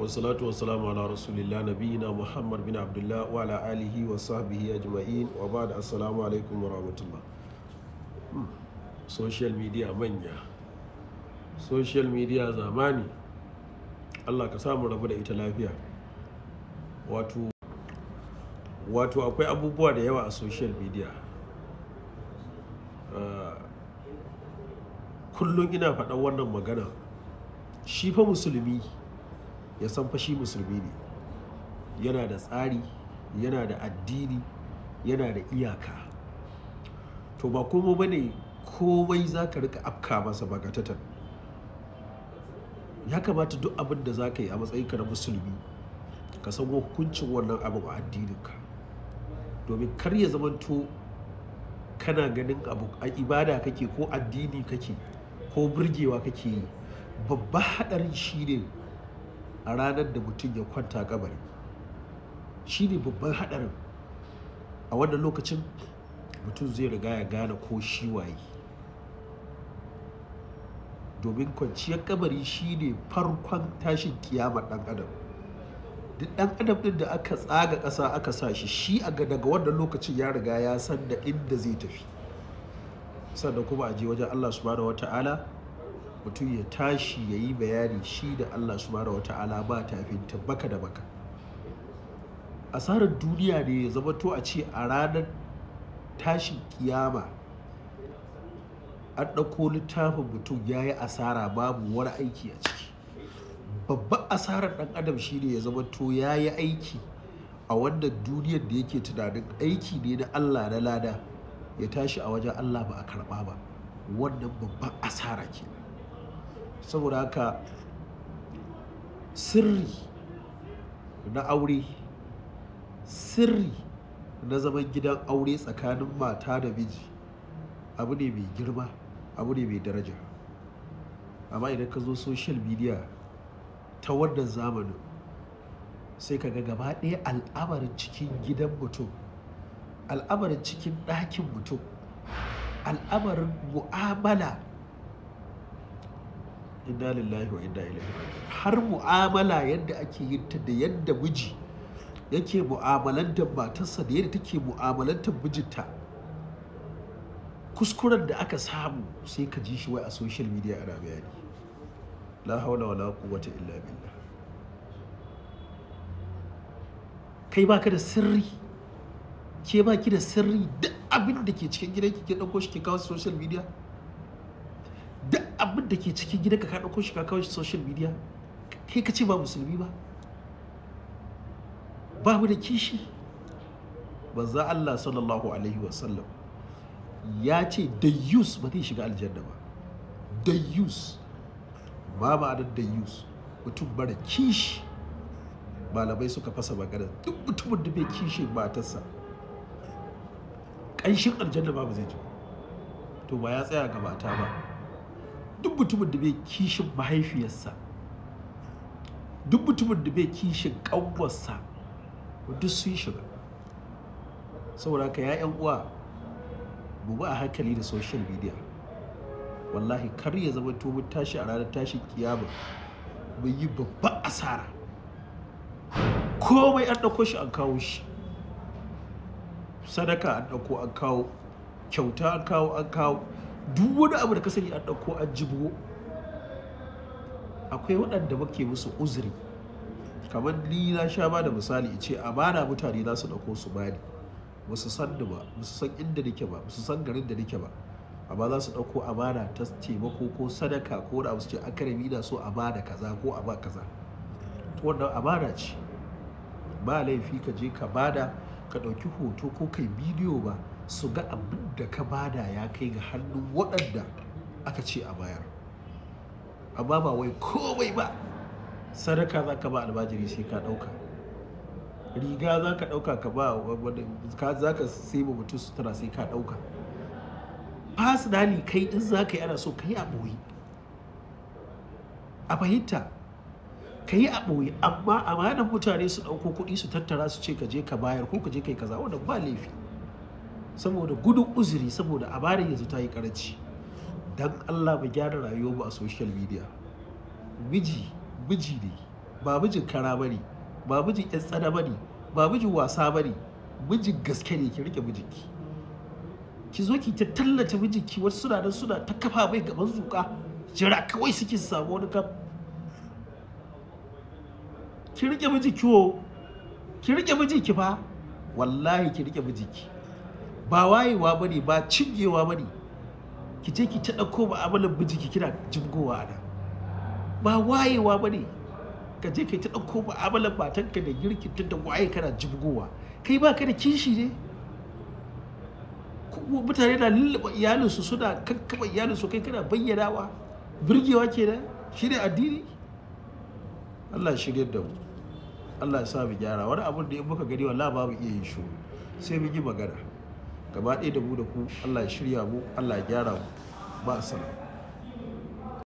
wasalatu wasalamu ala rasulillah nabiyina muhammad bin abdullah wa ala alihi wa sahbihi ajma'in wa ba da assalamu alaikum wa rahmatullah hmm, social media manya social media zamani allah ka samu rabu da ita lafiya wato wato akwai abubuwa da yawa a social media ah, kullum ina faɗan wannan magana shi fa musulmi ya san fashi musulmi ne yana da tsari yana da addini yana da iyaka to ba kuma bane komai za ka rika afka masa ba bagatatan ya kamata duk abin da za ka yi a matsayinka na musulmi ka san hukuncin wannan abu a addininka domin kar ya zamanto kana ganin abu a ibada kake ko addini kake ko burgewa kake yi babban haɗarin shi ne a ranar da mutum ya kwanta kabari shi ne babban haɗarin a wannan lokacin mutum zai riga ya gane ko shi waye domin kwanciyar kabari shi ne farkon tashin kiyamar ɗan adam duk ɗan adam ɗin da aka tsaga ƙasa aka sa shi shi a daga wannan lokacin ya riga ya san da inda zai tafi sannan kuma a je wajen allah subhanahu wa ta'ala mutum ya tashi ya yi bayani shi da Allah subhanahu wata'ala ba tafinta baka da baka asarar duniya ne ya zama to a ce a ranar tashin kiyama an ɗauko littafin mutum ya yi asara babu wani aiki a ciki babban asarar ɗan adam shi ne ya zama to ya yi aiki a wannan duniyar da yake tunanin aiki ne na Allah na lada ya tashi a wajen Allah ba a karɓa ba wannan babban asara ke. saboda haka sirri na aure sirri na zaman gidan aure tsakanin mata da miji abu ne mai girma abu ne mai daraja amma idan ka zo social media ta wannan zamanin sai ka ga gaba ɗaya al'amarin cikin gidan mutum al'amarin cikin ɗakin mutum al'amarin mu'amala inna lillahi wa inna ilaihi har mu'amala yadda ake yin ta da yadda miji yake mu'amalantar matarsa da yadda take mu'amalantar mijinta kuskuren da aka samu sai ka ji shi wai a social media ana bayani la hawla wala quwwata illa billah kai baka da sirri ke baki da sirri duk abin da ke cikin gidanki ke dauko shi ke kawo social media abin da ke cikin gida ka ɗauko shi ka kawai social media kai ka ce ba musulmi ba ba mu da kishi banza Allah sallallahu alaihi wasallam ya ce dayus ba zai shiga aljanna ba dayus ba da dayus mutum bara kishi malamai suka fasa magana duk mutumin da bai kishi matarsa ƙanshin aljanna ba ba zai ji to ba ya tsaya ga mata ba duk mutumin da bai kishin mahaifiyarsa duk mutumin da bai kishin ƙanwarsa duk sun shiga saboda ka ya uwa mu ba a hankali da social media wallahi kar ya zama to mun tashi a ranar tashin kiyama mun yi babban asara komai an ɗauko shi an kawo shi sadaka an ɗauko an kawo kyauta an kawo an kawo duk wani abu da ka sani an ɗauko an jibo akwai waɗanda muke musu uzuri kamar ni na sha ba da misali ce amana mutane za su ɗauko su bani ba su san ni ba ba su san inda nake ba ba su san garin da nake ba amma za su ɗauko amana ta taimako ko sadaka ko wani abu su ce a karami na so a amana kaza ko a ba kaza wannan amana ce ba laifi ka je ka bada ka ɗauki hoto ko kai bidiyo ba su ga abin da ka bada ya kai ga hannun waɗanda aka ce a bayar amma ba wai komai ba sadaka za ka ba albajiri sai ka ɗauka riga za ka ɗauka ka ba za ka sai ba mutum sutura sai ka ɗauka fasinali kai in za ka yi ana so ka yi a ɓoye a fahimta ka yi a ɓoye amma amanar mutane su ɗauko kuɗi su tattara su ce ka je ka bayar ko ka je ka yi kaza wadda ba laifi saboda gudun uzuri saboda a bari yanzu ta yi karanci don allah ba gyara rayuwar ba a social media miji miji ne ba mijin kara ne, ba mijin yan tsada ba ne, ba mijin wasa ba ne, mijin gaske ne ki rike mijinki ki zo ki ta tallata mijinki wasu suna nan suna ta kafa mai gaban zuka jira kawai suke samu wani kaf ki rike mijinki wo ki rike mijinki fa wallahi ki rike mijinki ba wayewa ne ba cigewa bane ki je ki ta ɗauko ba amalan miji ki kira jibgowa ana nan ba wayewa ne ka je ka ta ɗauko ba amalan ka da tun da waye kana jibgowa kai ba ka da kishi ne mutane na lullaba iyalinsu suna kakkaba iyalinsu kai kana bayyanawa birgewa ke nan shi ne addini Allah shirya da mu Allah ya sa mu gyara wani abin da in muka gani wallahi babu iya yin shiru sai mu yi magana gaba ɗaya da mu da ku Allah ya shirya mu Allah ya gyara mu ba salama.